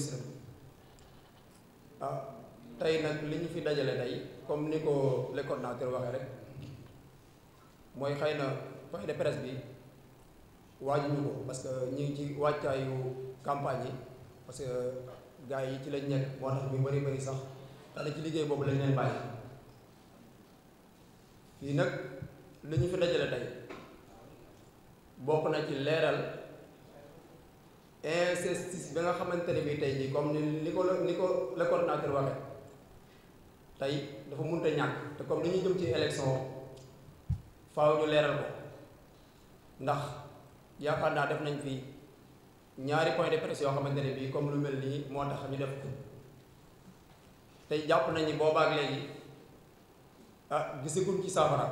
gis ah tey nag li ñu fi dajale day comme ni ko le coordonnateur waxee rek mooy xëy na point de presse bi waajuñu ko parce que ñu ngi ci wàccaayu campagne yi parce que gars yi ci lañ nekk moo tax ñu bari bari sax daanaka ci liggéey boobu lañ leen bàyyi fii nag li ñu fi dajale tey bokk na ci leeral. injustice ba nga xamante ne bii tey jii comme ni ni ko ni ko le coordonnateur waxee tey dafa mun a ñàkk te comme ni ñuy jëm ci élection faw ñu leeral ko ndax yaakaar naa def nañ fi ñaari point de presse yoo xamante ne bii comme lu mel nii moo tax ñu def ko tey jàpp nañ ni boobaak léegi ah gisagul ci saafara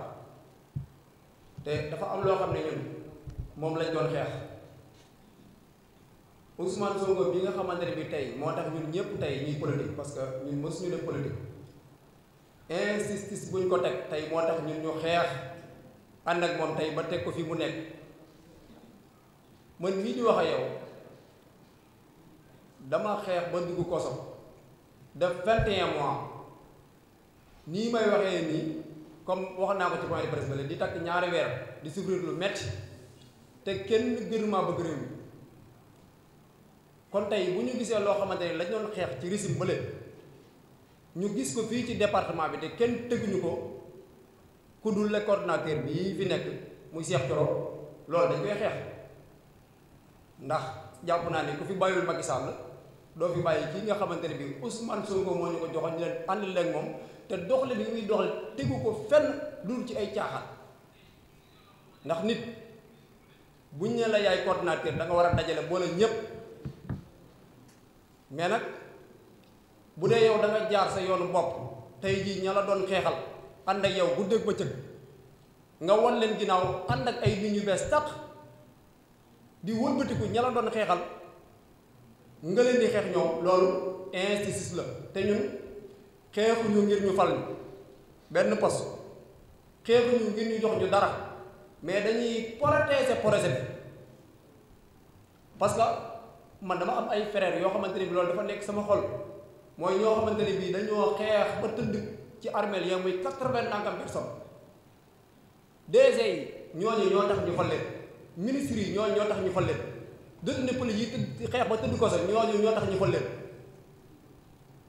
te dafa am loo xam ne ñun moom lañ doon xeex. Ousmane Sonko bi nga xamante ne bi tey moo tax ñun ñëpp tey ñuy politique parce que ñun mësuñu def politique injustice buñ ko teg tey moo tax ñun ñu xeex ànd ak moom tey ba teg ko fi mu nekk mën mii ñu wax a yow dama xeex ba dugg koso def 21 mois nii may waxee nii comme wax naa ko ci point di takk ñaari weer di souffrir lu metti te kenn gënu maa bëgg réew kon tey bu ñu gisee loo xamante ne lañ doon xeex ci régime bële ñu gis ko fii ci département bi te kenn tëgguñu ko ku dul le bi bii fi nekk muy Cheikh Thioro loolu dañ koy xeex ndax jàpp naa ne ku fi bàyyul Macky Sall doo fi bàyyi kii nga xamante ne bii Ousmane ko moo ñu ko joxoon ñu leen ànd leen moom te doxle bi muy doxle tegu ko fenn dul ci ay caaxaan ndax nit buñ ne la yaay coordonnateur da nga war a dajale boole ñëpp. mais nag bu dee yow da jaar sa yoonu bopp tey jii ña la doon xeexal ànd ak yow guddeeg bëccëg nga wan leen ginnaaw ànd ak ay nit ñu bees tàq di wëlbatiku ña la doon xeexal nga leen di xeex ñoom loolu injustice la te ñun xeexuñu ngir ñu fal benn poste xeexuñu ngir ñu jox ñu dara mais dañuy protéger projet bi parce man dama am ay frères yoo xamante ni bi loolu dafa nekk sama xol mooy ñoo xamante ne bii dañoo xeex ba tëdd ci armeel ya muy quatre-vingt nangam personnes DG yi ñooñu ñoo tax ñu xol leen ministres ñooñu ñoo tax ñu xol leen détenu politique yi tëdd xeex ba tëdd ko sax ñooñu ñoo tax ñu xol leen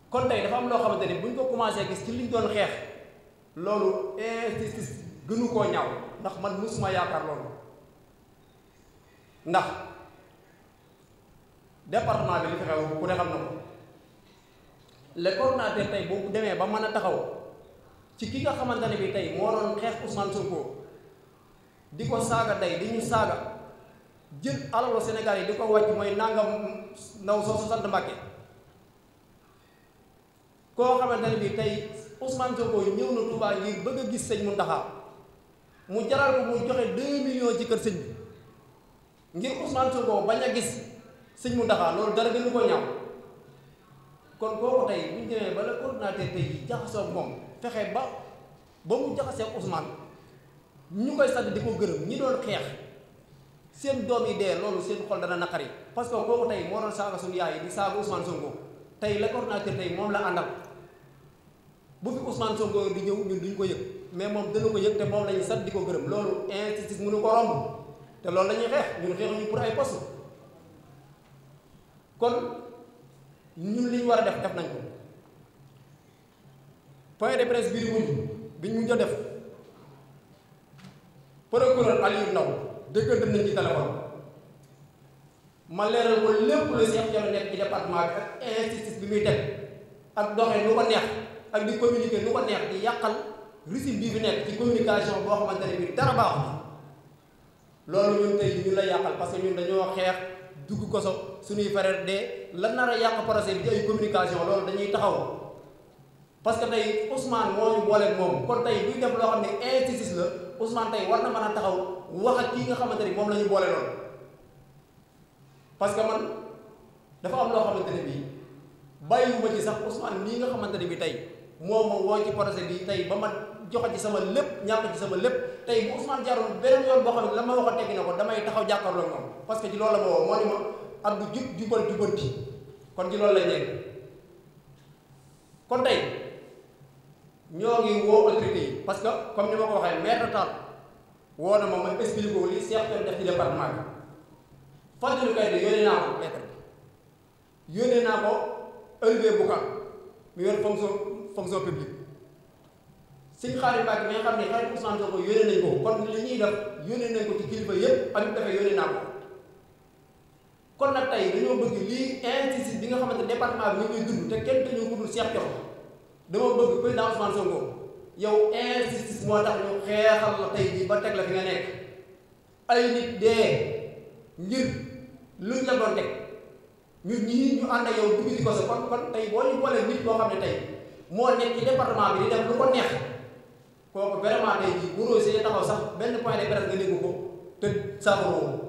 kon tey dafa am loo xamante ni buñ ko commencé gis ci liñ doon xeex loolu injustice gënu koo ñaaw ndax man mosuma yaakaar loolu ndax département bi li fi xew ku ne xam na ko le coordonnateur tey boo demee ba mën a taxaw ci ki nga xamante ne bi tey moo doon xeex Ousmane Sonko di ko saaga tey di ñu saaga jël alalu Sénégal yi di ko wàcc mooy nangam ndaw soo su sant Mbàkke koo xamante ne bi tey Ousmane Sonko ñëw na Touba ngir bëgg a gis sëñ Mountakha mu jaral mu joxe 2 millions ci kër sëñ bi ngir Ousmane Sonko bañ a gis sëñ Mountakha loolu dara gën ko ñaaw kon kooku tey bu ñu demee ba la coordinateur tey yi jaxasoo moom fexe ba ba mu jaxasee Ousmane ñu koy sant di ko gërëm ñi doon xeex seen doom yi dee loolu seen xol dana naqari parce que kooku tey moo doon saaga suñu yaay di saaga Ousmane Sonko tey la coordinateur tey moom la àndal bu fi Ousmane Sonko di ñëw ñun duñ ko yëg mais moom dana ko yëg te moom lañuy sant di ko gërëm loolu injustice mënu ko romb te loolu la xeex ñun xeexuñu kon ñun li war a def def nañ ko point de presse bii mujj bi ñu mujj def procureur Aliou Ndao déggante nañ ci téléphone ma leeral ko lépp lu Cheikh Diallo nekk ci département bi ak injustice bi muy teg ak doxee lu ko neex ak di communiquer lu ko neex di yàqal régime bii fi nekk ci communication boo xamante ne bii dara baaxul loolu ñun tey ñu la yàqal parce que ñun dañoo xeex dugg koso suñuy frère de la nar a yàq projet bi dañuy taxaw parce que tey Ousmane moo ñu booleeg moom kon tey buy def loo xam ne injustice la Ousmane tey war na man a taxaw wax ak kii nga xamante ni moom la ñu boole parce que man dafa am loo xamante ne bii ci sax Ousmane nii nga xamante ne tey moo ma woo ci projet bi tey ba ma joxe ci sama lépp ñàkk ci sama lépp tey bu Ousmane jaaroon beneen yoon boo xam ne la ma wax a teggi na ko damay taxaw jàkkaarloo moom parce la ma woo ak bu jub jubal jubanti kon ci loolu lay nekk kon tey ñoo ngi woo autorité yi parce que comme ni ma ko waxee maire Tall woo na ma ma expliqué ko li Cheikh def ci département bi Fadilou Keïta yónnee naa ko lettre bi yónnee naa ko Olivier Boucar mu yor fonction fonction publique Sëñ Xaadim Mbàkke mi nga xam ne xarit Ousmane Sonko yónnee nañ ko kon li ñuy def nañ ko ci kilifa yëpp amit dafay yónnee naa ko kon nag tey dañoo bëgg lii injustice bi nga xamante département bi ñu ngi dund te kenn te ñu guddul Cheikh Diop dama bëgg président Ousmane Sonko yow injustice moo tax ñu xeexal la tey ba teg la fi nga nekk ay nit dee ngir luñ la doon teg ñii ñu ànd ak yow dugg ci ko sa kon kon tey boo ñu boolee nit boo xam ne tey moo nekk ci bi di def lu ko neex kooku vraiment tey jii bu roosee taxaw sax benn point de presse nga dégg ko te saako boobu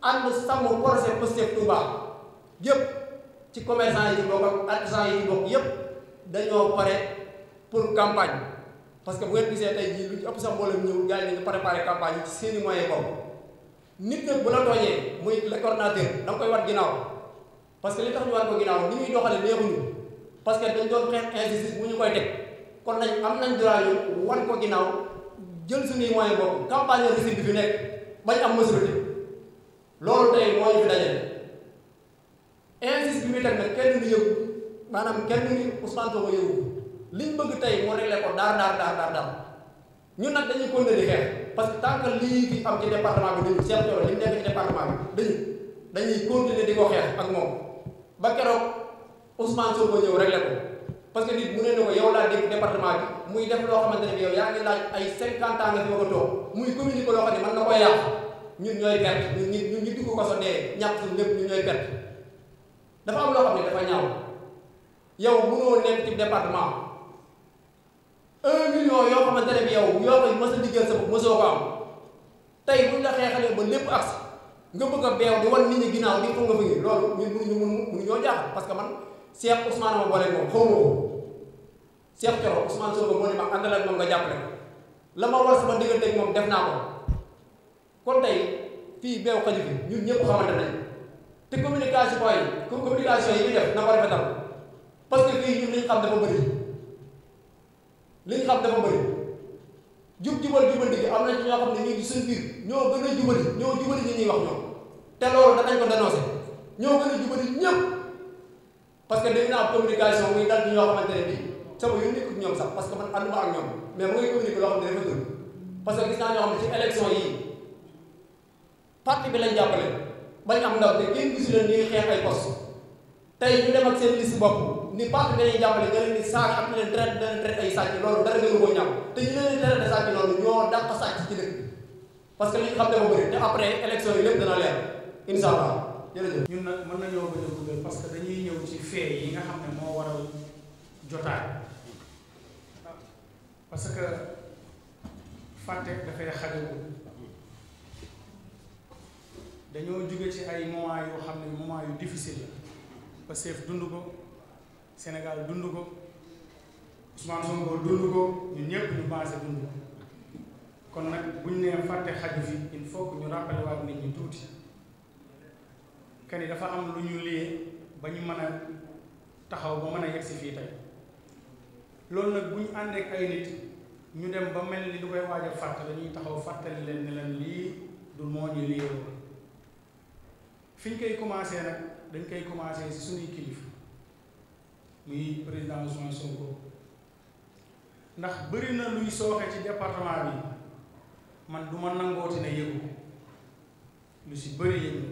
ànd sàmm projet Pastef Touba yëpp ci commerçant yi ci bokk ak artisan yi ci yëpp dañoo pare pour campagne parce que bu ngeen gisee tey jii lu ci ëpp sax mboolem ñëw gars yi dañu préparé campagne yi ci seeni moyens nit nag bu la tooñee muy le coordonnateur da nga koy war ginnaaw parce que li tax ñu war ko ginnaaw ni ñuy doxale neexuñu parce que dañ doon xeex injustice bu ñu koy teg kon nañ am nañ droit yu wan ko ginnaaw jël suñuy moyens bopp campagne loolu tey moo ñu fi dajale muy teg nag kenn du yëngu maanaam kenn ni Ousmane Sonko yëngu liñ bëgg tey moo réglé ko daar daar daar ñun nag dañuy continuer di xeex parce que tant que lii di am ci département bi dañu seet yoon li mu nekk ci département bi dañu dañuy continuer di ko xeex ak moom ba keroog Ousmane Sonko ñëw réglé ko parce que nit mu ne ne ko yow laa dégg département bi muy def loo xamante ne bi yow yaa ngi laaj ay cinquante ans nga fi ko toog muy communiqué loo xam ne mën na koy yàq ñun ñooy perte ñu ñu ñu dugg ko so dee ñàkk suñu lépp ñun ñooy perte dafa am loo xam ne dafa ñaaw yow mënoo nekk ci département un million yoo xam ne bi yow yoo koy mës a diggal sa bopp mësoo ko am tey buñ la xeexalee ba lépp agsi nga bëgg a beew di wan nit ñi ginnaaw di ko nga bëggee loolu ñun mënuñu mënu mënu ñoo jaaxal parce que man Cheikh Ousmane ma boole moom xaw ma ko Cheikh Thioro Ousmane Sonko moo ne ma àndal moom nga jàppale la ma war sama digganteeg moom def naa ko kon tey fii beew xaju fi ñun ñëpp xamante te communication yi comme communication yi def na ko rafetal parce que fii ñun li ñu xam dafa bëri li ñu xam dafa bëri jub jubal jubal gi am na ci ñoo xam ne ñu ngi suñ biir ñoo gën a jubali ñoo jubali ñi ñuy wax ñoom te loolu danañ ko dénoncé ñoo gën a jubali ñëpp parce que communication muy dal ci ñoo xamante ne bii sama yu nekkul ñoom sax parce que man ànduma ñoom mais mu ngi communiqué loo xam ne dafa gën parce que gis naa ñoo parti bi lañ jàppale bañ am ndaw te kenn gisu leen ñuy xeex ay tey ñu dem ak seen liste bopp ni parti bi lañ jàppale nga leen di loolu dara nga koo ñàkk te ñu leen di traité sàcc loolu ñoo dàq sàcc ci dëkk bi parce que li ñu xam dafa bëri te après élection yi lépp dana leer incha allah jërëjëf. ñun nag mën nañoo gën a guddal parce que dañuy ñëw ci fee yi nga xam ne moo waral jotaay parce que fàtte dafay xajagul. dañoo jóge ci ay moment yoo xam ne moment yu difficile la Pastef dund ko Sénégal dund ko Ousmane Sonko dund ko ñun ñëpp ñu basé dund ko kon nag buñ nee fàtte xaju fi il faut que ñu rappelé waat nit ñi tuuti kenn dafa am lu ñu liyee ba ñu mën a taxaw ba mën a yegsi fii tey loolu nag bu ñu àndee ay nit ñu dem ba mel ni lu koy waaj a dañuy taxaw fàttali leen ne leen lii du moo ñu liyee woon fi koy commencé nag dañ koy commencé si suñuy kilifa muy président Ousmane Sonko ndax bëri na luy sooxe ci département bi man duma nangoo nangooti ne yëgu lu si bëri yëgu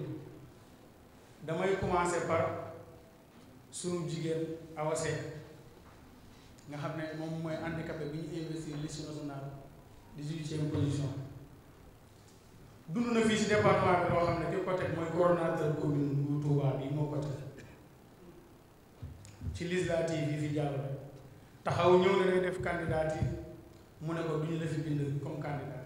damay commencé par sunu jigéen Awa Seck nga xam ne moom mooy handicapé bi ñu investir liste nationale dix-huitième position dund na fii ci département bi loo xam ne ki ko teg mooy coordonnateur commune bu Touba bi moo ko teg ci législative yi fi jàll taxaw ñëw na day def candidature mu ne ko duñu la fi bind comme candidat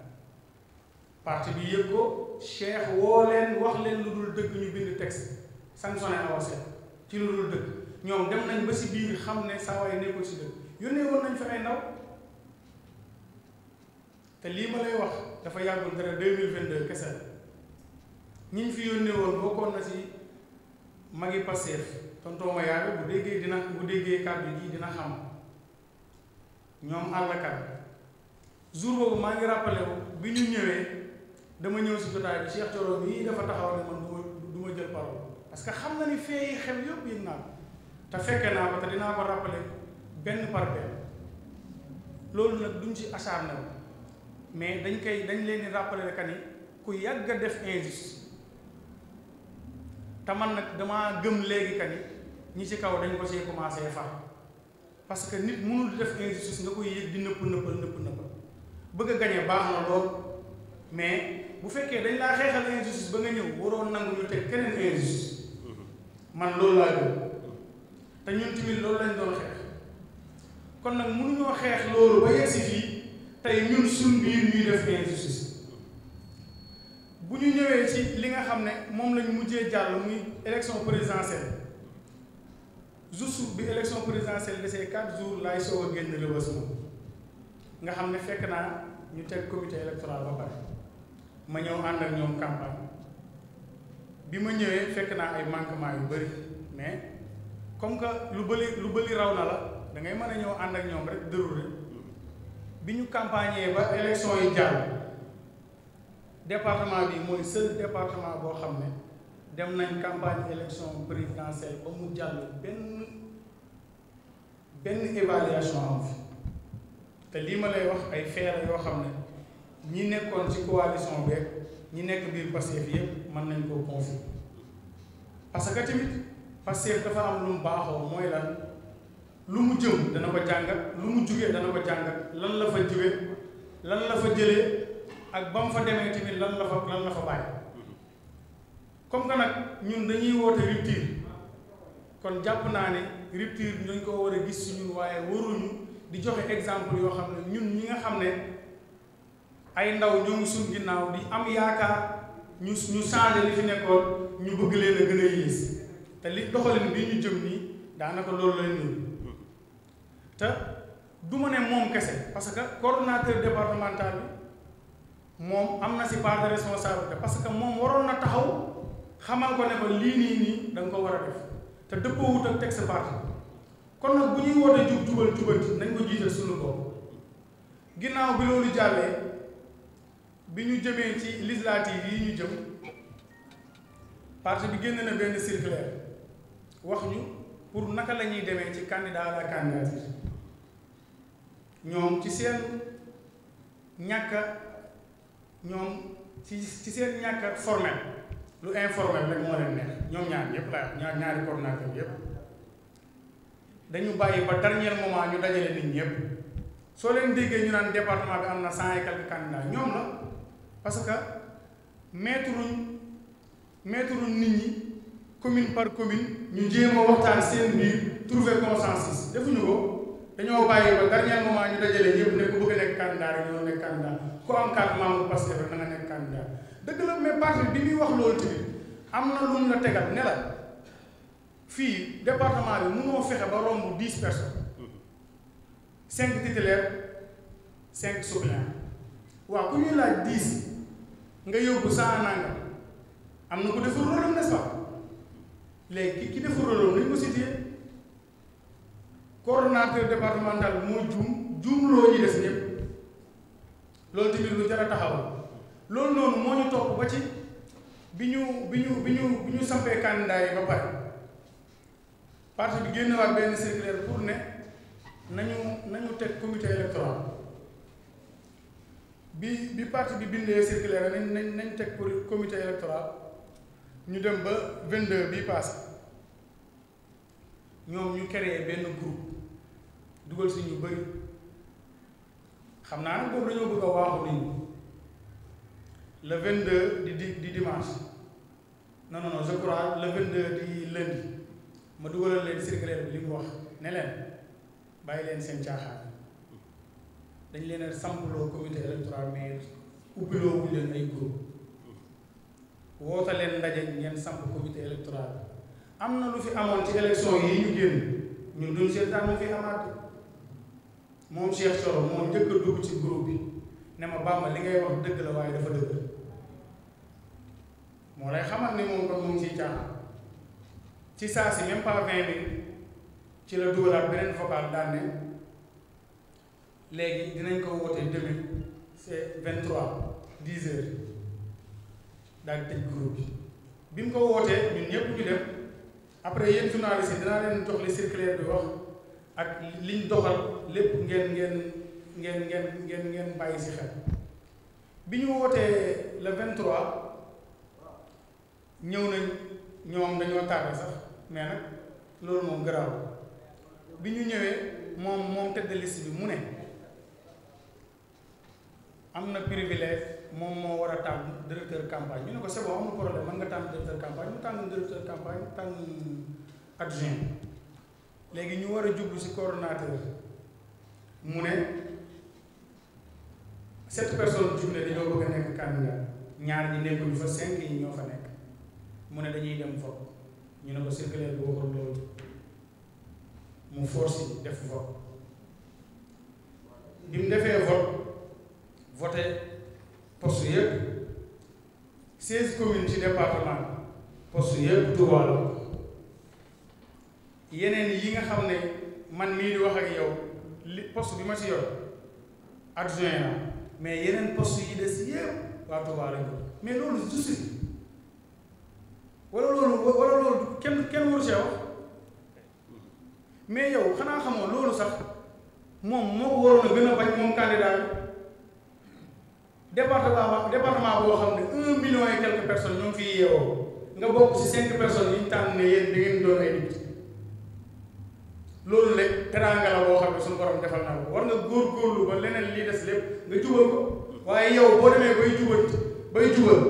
parti bi yëg ko Cheikh woo leen wax leen lu dul dëgg ñu bind texte sanctionné Awa Seck ci lu dul dëgg ñoom dem nañ ba ci biir xam ne saa waay nekkul ci dëgg yónnee woon nañ fi ay ndaw. te lii ma lay wax dafa yàggul dara deux mille vingt deux kese ñiñ fi yónnee woon bokkoon na ci magi Pastef tonton Mayaabe bu déggee dina bu déggee kàddu ji dina xam ñoom àllkat jour boobu maa ngi rappelé ko bi ñu ñëwee dama ñëw si jotaay bi Cheikh Thioro yii dafa taxaw ne man du ma jël parole parce xam na ni fee yi xew yëpp yëg naa te fekke naa ko te dinaa ko ràppale benn par benn loolu nag duñ ci acharné wu. mais dañ koy dañ leen di rappeler que ni ku yàgg a def injustice te man nag damaa gëm léegi que ni ñi ci kaw dañ ko see commencé far parce que nit mënul def injustice nga koy yëg di nëpp nëppal nëpp nëppal bëgg a gañe baax na lool mais bu fekkee dañ laa xeexal injustice ba nga ñëw waroon nangu ñu te keneen injustice man loolu laa gëm te ñun tamit loolu lañ doon xeex kon nag mënuñoo xeex loolu ba yegsi fii tey ñun suñ biir ñuy def injustice bu ñu ñëwee ci li nga xam ne moom lañ mujjee jàll muy élection présidentielle juste bi élection présidentielle desee quatre jours laay soo a génn rëbës moom nga xam ne fekk naa ñu teg comité électoral ba pare ma ñëw ànd ak ñoom campagne bi ma ñëwee fekk naa ay manquement yu bëri mais comme que lu bëri lu bëri raw na la da ngay mën a ñëw ànd ak ñoom rek déroulé bi ñu campagner ba élection yi jàll département bi mooy seul département boo xam ne dem nañ campagne élection présidentielle ba mu jàll benn benn évaluation am fi te lii ma lay wax ay feera yoo xam ne ñi nekkoon ci coalition beeg ñi nekk biir Pastef yëpp mën nañ koo confirmer parce que tamit Pastef dafa am lu mu baaxoo mooy lan lu mu jëm dana ko jàngat lu mu jugee dana ko jàngat lan la fa jugee lan la fa jëlee ak ba fa demee tamit lan la fa lan la fa bàyyi comme que nag ñun dañuy woote rupture kon jàpp naa ne rupture bi dañ koo war a gis si ñun waaye waruñu di joxe exemple yoo xam ne ñun ñi nga xam ne ay ndaw ñoo ngi suñ ginnaaw di am yaakaar ñu ñu changé li fi nekkoon ñu bëgg leen gën a yées te li doxalin bii ñu jëm nii daanaka loolu lay ñun te du ma ne moom kese parce que coordonnateur départemental bi moom am na si part de responsabilité parce que moom waroon na taxaw xamal ko ne ko lii nii nii da nga ko war a def te dëppoo wut teg sa parti kon nag bu ñuy wootee jub jubal jubanti nañ ko jiital suñu bopp ginnaaw bi loolu jàllee bi ñu jëmee ci législative yi ñu jëm parti bi génne na benn circulaire wax ñu pour naka la ñuy demee ci candidat à la ñoom ci seen ñàkk a ñoom ci ci seen ñàkk a formel lu informel rek moo leen neex ñoom ñaar yëpp laa ñaari coordinateur yëpp dañu bàyyi ba dernier moment ñu dajale nit ñëpp soo leen déggee ñu naan département bi am na cent et quelques ñoom la parce que maîtruñ maîtruñ nit ñi commune par commune ñu jéem waxtaan seen biir trouver consensus defuñu ko. dañoo bàyyi ba dernier moment ñu a ñëpp ne ku nekk candidat rek ñoo nekk candidat ku am carte membre Pastef rek na nekk candidat dëgg la mais parti bi muy wax loolu tamit am na ne la fii département bi mënoo fexe ba romb dix personnes cinq titulaires ki deful rôle am nañ coordonnateur départemental moo juum juumloo loolu tamit lu jar a taxaw loolu noonu moo ñu topp ba ci bi ñu bi ñu bi ñu bi ñu sampee candidat ba pare parti bi génn waat benn circulaire pour ne nañu nañu teg comité électoral bi bi parti bi bindee circulaire nañ nañ nañ teg pour comité ñu dem ba 22 bii passé ñoom ñu créé benn groupe dugal si ñu bëri xam naa nag boobu dañoo bëgg a waaxu nit ñi le 22 di di di dimanche non non non la crois le di lundi ma dugalal leen circulaire bi li mu wax ne leen bàyyi leen seen caaxaan dañ leen a sampuloo comité électoral mais ubbiloo wuñ leen ay groupe woote ndaje ngeen samp comité électoral am na lu fi amoon ci élection yi ñu génn ñun duñ seetaan mu fi amaat. moom Cheikh Thioro moo njëkk dugg ci groupe bi ne ma Bamba li ngay wax dëgg la waaye dafa dëgg moo lay xamal ni moom kon mu ngi ciy ci saa si même pas vingt minutes ci la dugalaat beneen vocal daan ne léegi dinañ ko wootee demain c'est vingt trois dix heures daal tëj groupe bi bi mu ko wootee ñun ñëpp ñu dem après yéen journaliste yi dinaa leen jox li circulaire bi wax ak liñ doxal lépp ngeen ngeen ngeen ngeen ngeen ngeen bàyyi si xel bi ñu wootee le 23 ñëw nañ ñoom dañoo tardé sax mais nag loolu moom garaaw bi ñu ñëwee moom moom tête de bi mu ne am na privilège moom moo war a tànn directeur campagne ñu ko c'est nga tànn directeur campagne mu tànn directeur campagne tànn adjoint léegi ñu war a jublu si coordonnateur mu ne sept personnes jub dañoo bëgg a nekk candidat ñaar ñi nekkuñu fa cinq yi ñoo fa nekk mu ne dañuy dem vote ñu ne ko circulaire bi waxul loolu mu force def vote bi mu defee vote voté poste yëpp seize communes ci département poste yëpp Touba la yeneen yi nga xam ne man mii di wax ak yow li post bi ma si yor adjoint la mais yeneen poste yi des yëpp waa lañ ko mais loolu justice wala loolu wala loolu kenn kenn waru cee wax mais yow xanaa xamoo loolu sax moom moo ko waroon a gën a bañ moom candidat bi département département boo xam ne un million et quelques personnes ñoo ngi fiy yeewoo nga bokk ci cinq personnes yi ñu tànn ne yéen da ngeen doon ay député loolu lépp teraanga la boo xam ne suñu borom defal na ko war nga góorgóorlu ba leneen lii des lépp nga jubal ko waaye yow boo demee bay jubati bay jubal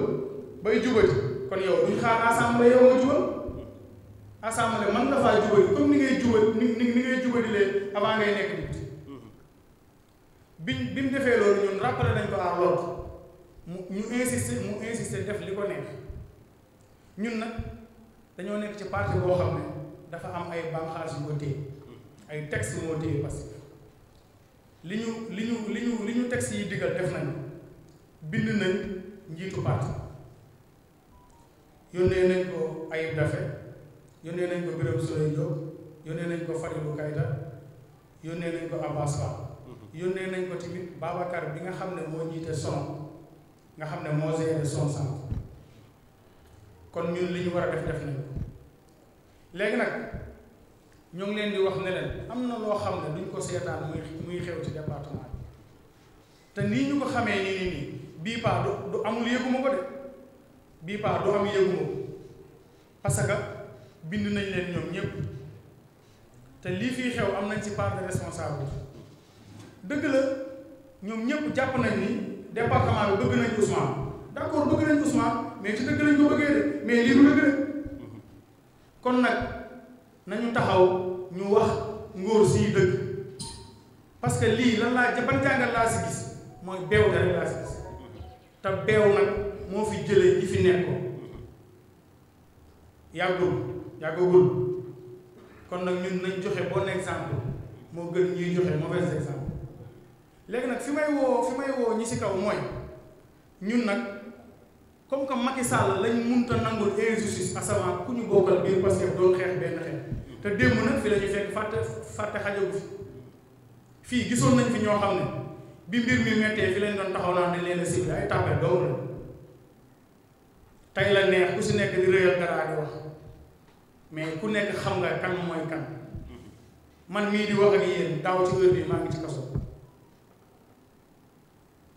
bay jubati kon yow duñ xaar assemblée yow nga jubal assemblée mën nga nekk nit biñ bi mu defee loolu ñun rappelé nañ ko à l'ordre mu ñu insisté mu insisté def li ko neex ñun nag dañoo nekk ci parti boo xam ne dafa am ay banqaas yu ko téye ay texte moo téye Pastef li ñu li ñu li ñu li ñu texte yi digal def nañu bind nañ njiitu parti yónnee nañ ko Ayib Daffé yónnee nañ ko Birame Souleye Diop yónnee nañ ko Fadilou Keïta yónnee nañ ko Abbas Fall mhm. yónnee nañ ko tamit Babacar bi nga xam ne moo jiite son nga xam ne moo géré son sant kon ñun li ñu war a def def nañ ko léegi nag ñoo ngi leen di wax ne leen am na loo xam ne duñ ko seetaan muy muy xew ci département bi te nii ñu ko xamee nii nii nii bii paa du amul yëguma ko de bii paa du am yëguma ko parce que bind nañ leen ñoom ñëpp te lii fii xew am nañ ci part de responsabilité dëgg la ñoom ñëpp jàpp nañ ni département bi bëgg nañ Ousmane d'accord bëgg nañ Ousmane mais ci dëgg lañ ko bëggee de mais lii du dëgg de kon nag. nañu taxaw ñu wax ngóor siy dëgg parce que lii lan laa ban jàngal laa si gis mooy beew dara laa si gis te beew nag moo fi jëlee ñi fi nekkoon yàggul yàggagul kon nag ñun nañ joxe bon exemple moo gën ñuy joxe mauvais exemple léegi nag fi may woo fi may woo ñi si kaw mooy ñun nag comme que Macky Sall lañ munta nangul injustice à ku ñu bokkal biir parce que doon xeex benn xeex te démb nag fi la ñu fekk fàtte fàtte xajagu fi fii gisoon nañ fi ñoo xam ne bi mbir mi mettee fi lañ doon taxaw naan dañ leen a sibbi ay tàppet doomu la tey la neex ku si nekk di réyal dara wax mais ku nekk xam nga kan mooy kan man mii di wax ak yéen daaw ci heure bi maa ngi ci kaso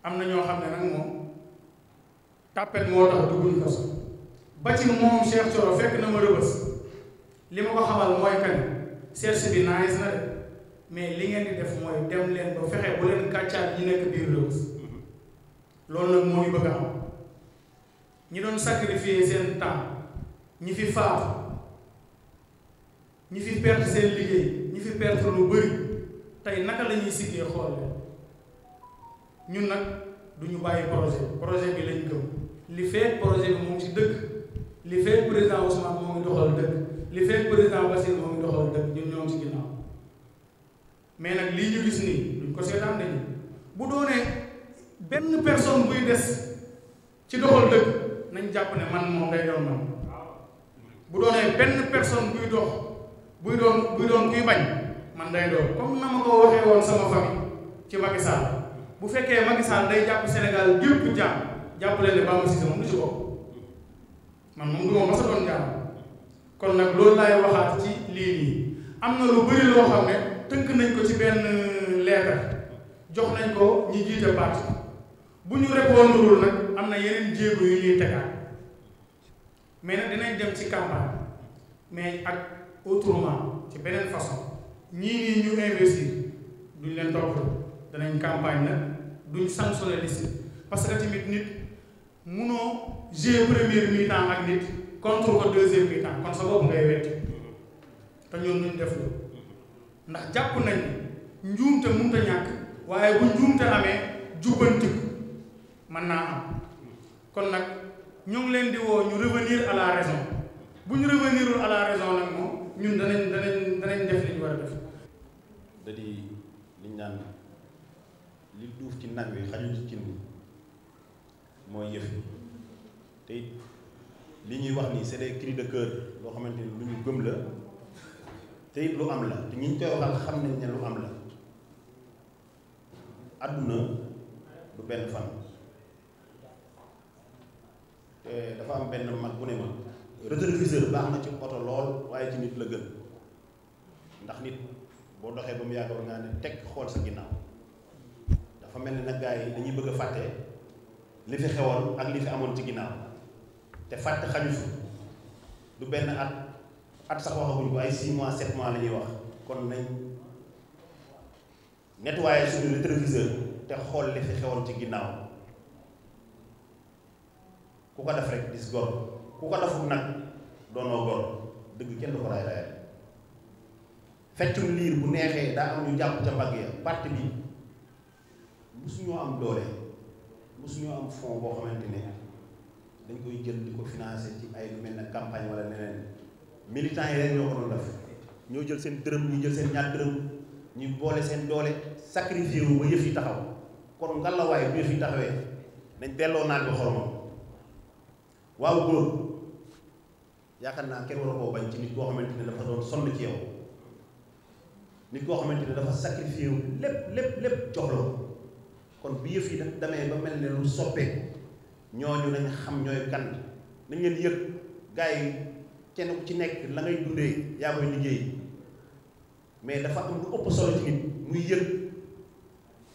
am na ñoo xam ne nag moom tàppet moo tax dugguñu kaso ba ci moom Cheikh Thioro fekk na ma rëbës li ma ko xamal mooy kan seetsi bi nice na mais li ngeen di def mooy dem leen ba fexe bu leen kàccaat ñi nekk biir Reug loolu nag mooy bëgg am ñi doon sacrifier seen temps ñi fi faatu ñi fi perte seen liggéey ñi fi perte lu bëri tey naka la ñuy siggee xool ñun nag du bàyyi projet projet bi lañ gëm li fekk projet bi moo ngi dëkk li fekk président Ousmane moo ngi doxal dëkk li fekk président Bassirou moom doxal dëkk ñun ñoo ngi ci mais nag lii ñu gis nii duñ ko seetaan bu doonee benn personne des ci doxal nañ jàpp ne man moom day doon man bu doonee benn personne buy dox buy doon buy doon kuy bañ man day doon comme na ma ko waxee sama famille ci Macky Sall bu fekkee Macky Sall day jàpp Sénégal gépp jàmm jàpp leen ne Bamba Cissé moom du ci bopp man moom du ma mës doon jàmm kon nag loolu laay waxaat ci lii am na lu bëri loo xam ne tënk nañ ko ci benn leetar jox nañ ko ñi jiite parti bu ñu répondrul nag am na yeneen jéego yu ñuy tegaat mais nag dinañ dem ci campagne mais ak autrement ci beneen façon ñii nii ñu investir duñ leen topp danañ campagne nag duñ sanctionné liste parce que tamit nit munoo jouer première mi-temps ak nit contre ko deuxième mi-temps kon sa bopp ngay wetti te ñoom ñu def loolu ndax jàpp nañ ne njuumte mënut a ñàkk waaye bu njuumte amee jubbanti ko naa am kon nag ñu ngi leen di woo ñu revenir à raison bu ñu revenirul à raison nag moom ñun danañ danañ danañ def li war a def. da di liñ naan li duuf ci nag wi xajul ci cin bi mooy yëf te li ñuy wax ni c'est des cris de cœur loo xamante ni lu ñu gëm la te it lu am la te ñi ñu koy waxal xam nañ ne lu am la àdduna du benn fan te dafa am benn mag bu ne ma rétroviseur baax na ci oto lool waaye ci nit la gën ndax nit boo doxee ba mu yàgg war ngaa ne teg xool sa ginnaaw dafa mel ni nag gars yi dañuy bëgg a fàtte li fi xewoon ak li fi amoon ci ginnaaw te fàtte xaju fi du benn at at sax waxaguñ ko ay 6 mois 7 mois la ñuy wax kon nañ nettoyer suñu rétroviseur te xool li fi xewoon ci ginnaaw ku ko def rek dis gor ku ko deful nag doonoo gor dëgg kenn du ko raay feccum liir bu neexee daa am ñu jàpp ca mbagg ya parti bi musuñoo am doole musuñoo am fond boo xamante ne dañ koy jël di ko financé ci ay lu mel ne campagne wala leneen militants yi rek ñoo ko doon def ñoo jël seen dërëm ñu jël seen ñaar dërëm ñu boole seen doole sacrifié wu ba yëf yi taxaw kon nga la waaye bu yëf yi taxawee nañ delloo naaj bi xoromam waaw góor yaakaar naa kenn war a koo bañ ci nit koo xamante dafa doon sonn ci yow nit koo xamante dafa sacrifié lépp lépp jox la kon bi yëf yi daf demee ba mel ne lu soppeeku. ñooñu nañ xam ñooy kan na leen yëg gars yi kenn ci nekk la ngay dundee yaa koy liggéey mais dafa am lu ëpp solo ci nit muy yëg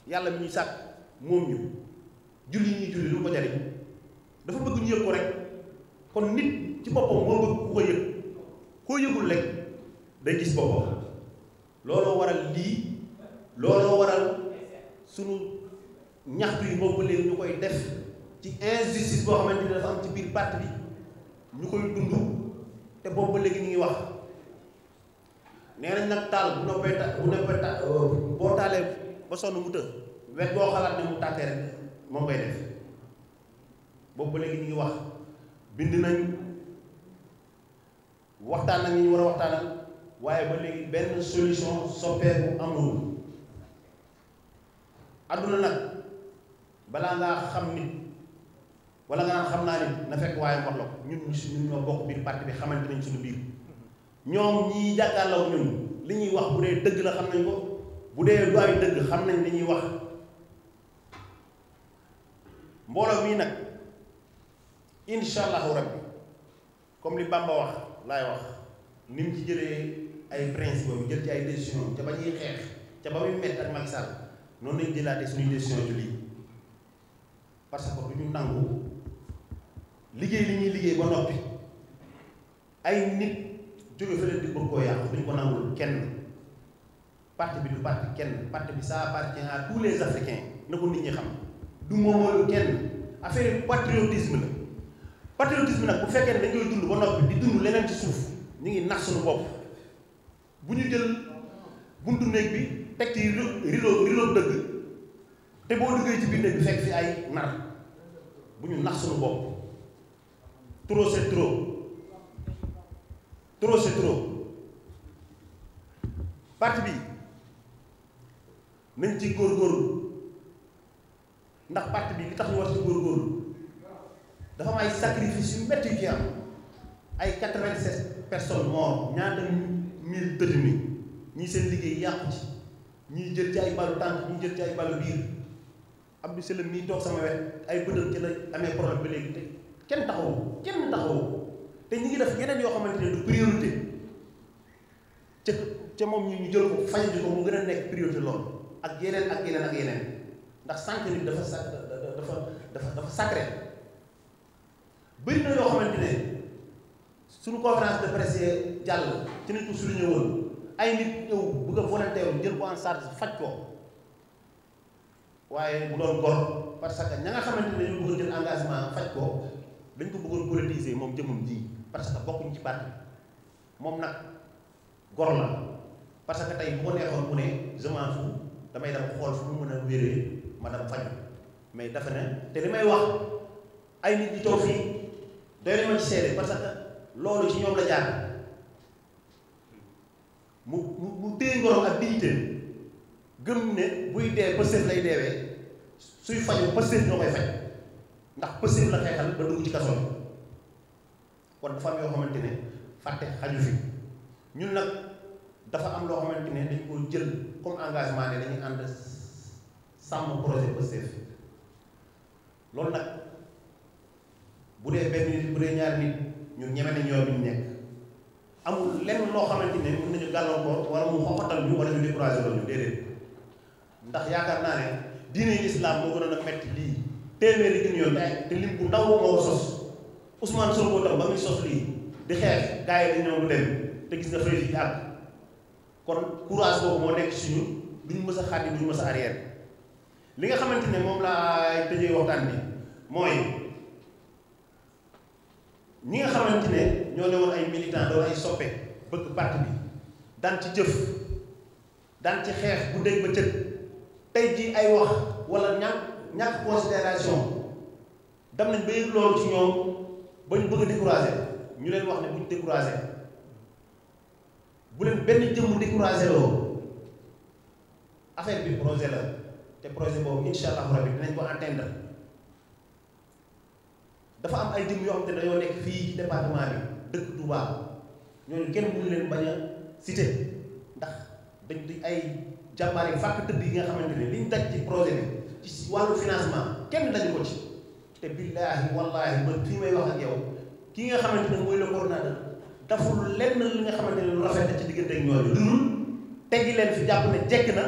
yàlla mi ñuy sàkk moom ñu julli ñuy julli lu ko jariñ dafa bëgg ñu yëg ko nit ci boppam moo bëgg yëgul rek day gis boppam looloo waral lii looloo waral sunu ñaxtu yi boobu léegi ñu koy def ci injustice boo xamante ni dafa ci biir parti bi ñu koy dund te boobu ba léegi ñu ngi wax nee nañ nag taal bu noppee ta bu boo taalee ba sonn mu wet boo xalaat ne mu tàkkee rek moom def boobu ba léegi ñu ngi wax bind nañ waxtaan ak ñi ñu war a waxtaanal waaye ba léegi benn solution soppeeku amul adduna nag balaa ngaa xam nit wala nga naan xam naa ni na fekk waaye mboq la ñun suñu ñoo bokk biir parti bi xamante nañ suñu biir ñoom ñii jàkkaarloo ñun li ñuy wax bu dee dëgg la xam nañ ko bu dee du dëgg xam nañ li ñuy wax mbooloo mii nag incha allahu rabbi comme li Bamba wax laay wax ni mu ci jële ay principe mu jël ci ay décision ca ba xeex ca ba muy mett ak Macky noonu lañ jëlaatee suñuy décision ci lii parce que du ñu nangu. liggéey li ñuy liggéey ba noppi ay nit jóge fële di bëgg koo yàqu duñ ko nangul kenn parti bi du parti kenn parti bi ça appartient à tous les africains xam du moomoolu kenn affaire patriotisme la patriotisme nag bu fekkee ne dund ba noppi di dund leneen ci suuf ñu ngi nax suñu bopp bu ñu jël buntu néeg bi teg ci rilo rilo dëgg te boo duggee ci biir bi fekk fi ay nar bu ñu nax suñu bopp trop c'est trop trop bi nañ ci góorgóorlu ndax parti bi li tax ñu war ci góorgóorlu dafa am ay sacrifice yu métti yu ci am ay quatre-vingt-sept personnes morts ñaata mille détenus ñii seen liggéey yàqu ci ñii jël ci ay balu tànk ñii jël ci ay balu biir Abdou Sélém ni toog sama wet ay bëtam ci la amee problème ba léegi te kenn taxawu kenn taxawu te ñu ngi def yeneen yoo xamante ne du priorité ca ca moom ñu ñu jël ko faj di ko mu gën a ak yeneen ak yeneen ak ndax sànq nit dafa dafa dafa dafa sacré bëri na jàll ci nit ko souligné woon ay nit ñëw bëgg faj ko waaye bu doon gor parce que ña nga xamante ne ñu bëgg jël engagement faj ko dañ ko bëggoon politiser moom jëmmam ji parce que bokkuñ ci parti moom nag gor la parce que tey bu ko neexoon mu ne je m'en damay dem xool fu mu mën a wéree ma dem faj mais dafa ne te li may wax ay nit ñi toog fii doy na ma parce que loolu ci ñoom la jaar mu mu mu téye ngorom ak dignité gëm ne buy dee Pastef lay deewee suy faju Pastef ñoo koy faj ndax possible la xeexal ba dugg ci kaso kon dafa yoo xamante ne fàtte xaju fi ñun nag dafa am loo xamante ne dañ koo jël comme engagement ne dañuy ànd sàmm projet Pastef loolu nag bu dee benn nit bu dee ñaari nit ñun ñeme nañ ñoo ñu nekk amul lenn loo xamante ne mën nañu gàllankoor wala mu xoxatal ñu wala ñu découragé ñu déedéet ndax yaakaar naa ne diine islam moo gënoon a metti lii téeméeri junni yoon te lim bu ndaw moo sos Ousmane Sonko tam ba muy sos lii di xeex gars yi dañu ñëw mu te gis nga fay fi àgg kon courage boobu moo nekk suñu duñ mës a xàddi lu mës a arrière li nga xamante ne moom laa tëjee waxtaan bi mooy ñi nga xamante ne ñoo ne woon ay militant doon ay soppe bëgg parti bi daan ci jëf daan ci xeex bu dégg ba cëg tey ji ay wax wala ñàkk ñàkk considération dem nañ ba yëg loolu ci ñoom ba ñu bëgg a décourager ñu leen wax ne bu ñu décourager bu leen benn jëmm décourager loo affaire bi projet la te projet boobu incha allah rabbi dinañ ko entendre dafa am ay jëmm yoo xam te dañoo nekk fii ci département bi dëkk Touba ñooñu kenn mënu leen bañ a citer ndax dañ di ay jàmbaar yi fàkk tëdd yi nga xamante li ñu daj ci projet bi. ci wàllu financement kenn dañu ko ci te billaahi wallaahi ba fii may wax ak yow kii nga xamante ne mooy le coordonnateur daful lenn li nga xamante ne lu rafet la ci diggante ak ñooñu lu mm-hmm. dul teggi leen fi jàpp ne jekk na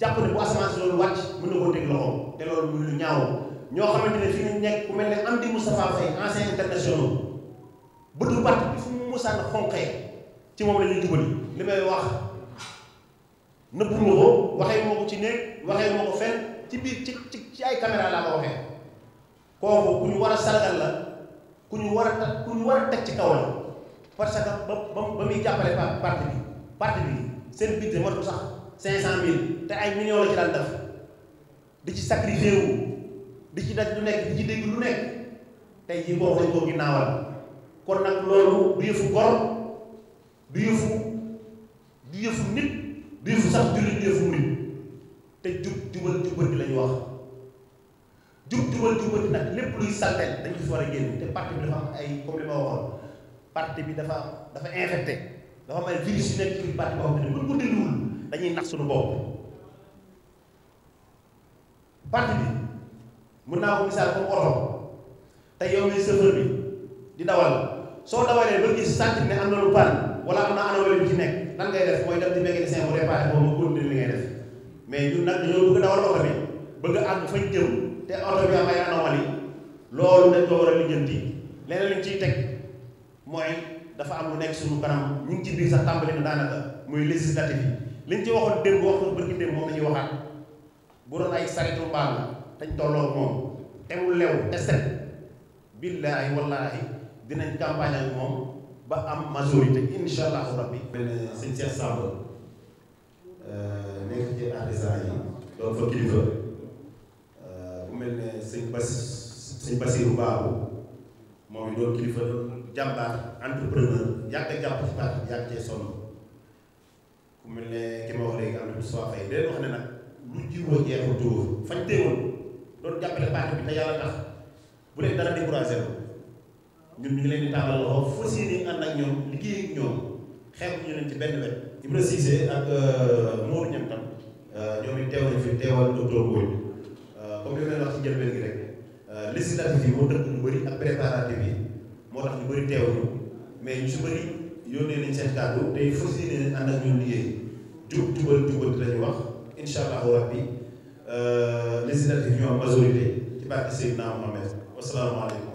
jàpp ne bu asamaan si loolu wàcc mën na koo teg loxoom te loolu muy lu ñaaw ñoo xamante ne fi ñu nekk ku mel am Amdi Moustapha Faye ancien international bëtu parti bi fu mu ci moom la ñuy jubali li may nëbbu ma ko waxee moo ko ci néeg waxee moo ko fenn ci biir ci ci ci ay caméra laa ko waxee kooku ku ñu war a sargal la ku ñu war a teg ku ñu war a teg ci kaw la parce que ba ba ba muy jàppale parti bi parti bi seen budget matu sax cinq cent mille te ay millions la ci daan def di ci sacrifié di ci daj lu nekk di ci dégg lu nekk tey jii kooku lañ ko ginnaawal kon nag loolu du yëfu gor du yëfu du yëfu nit du yëfu sax jullit du yëfu murit te jub jubal jubal la ñu wax jub jubal jubal nag lépp luy saltel dañ ko si war a génn te parti bi dafa am ay comme li ma waxoon parti bi dafa dafa infecté dafa am ay virus yu nekk ci parti bi mën naa ko misaal comme oto te yow mi chauffeur bi di dawal soo dawalee ba gis sant ne am na lu pan wala am na anomalie bi ci nekk nan ngay def mooy dem di béykat yi seen réparé boobu ba góob li ngay def. mais ñun nag dañoo bëgg dawal oto bi bëgg àgg fañ jëm te oto bi am ay anomalie loolu dañ ko war a lijjanti leneen liñ ciy teg mooy dafa am lu nekk suñu kanam ñu ngi ci biir sax tàmbali na daanaka muy législative yi liñ ci waxoon démb wax na bërki démb moom la ñuy waxaat bu doon ay saritu mbaal la dañ tolloo moom te mu lew te set billaahi wallaahi dinañ campagne ak moom ba am majorité incha allahu rabbi. benn sëñ Cheikh Samb Euh, nekk ci artisan yi doon fa kilifa bu euh, mel ni sëñ Basi sëñ Basiru Baabu moom it doon kilifa jàmbaar entrepreneur yàgg a jàpp ci parti bi yàgg cee ku mel ne ki wax léegi am na lu soo fay day wax ne nag lu jiwoo jeexul tuur fañ teewoon doon jàppale parti bi te yàlla tax bu leen dara découragé ko ñu ngi leen di loxo fas yéene ànd ñoom liggéey ak ñoom. xeebu ñu leen ci benn wet Ibra Cissé ak Nourou euh, Niang tam euh, ñoom it teew nañ fi teewal docteur Mbodj euh, comme li ma leen wax ci njëlbeen gi rek législatif yi moo tax ñu bëri ak préparatif yi moo tax ñu bëri teewuñu mais ñu si bëri yónnee nañ seen kàddu tey fas yéene ànd ak ñun liggéey jub jubal jubal di lañu wax incha allahu rabbi législatif ñoo am majorité ci barke Seydina Mohamed wasalaamaaleykum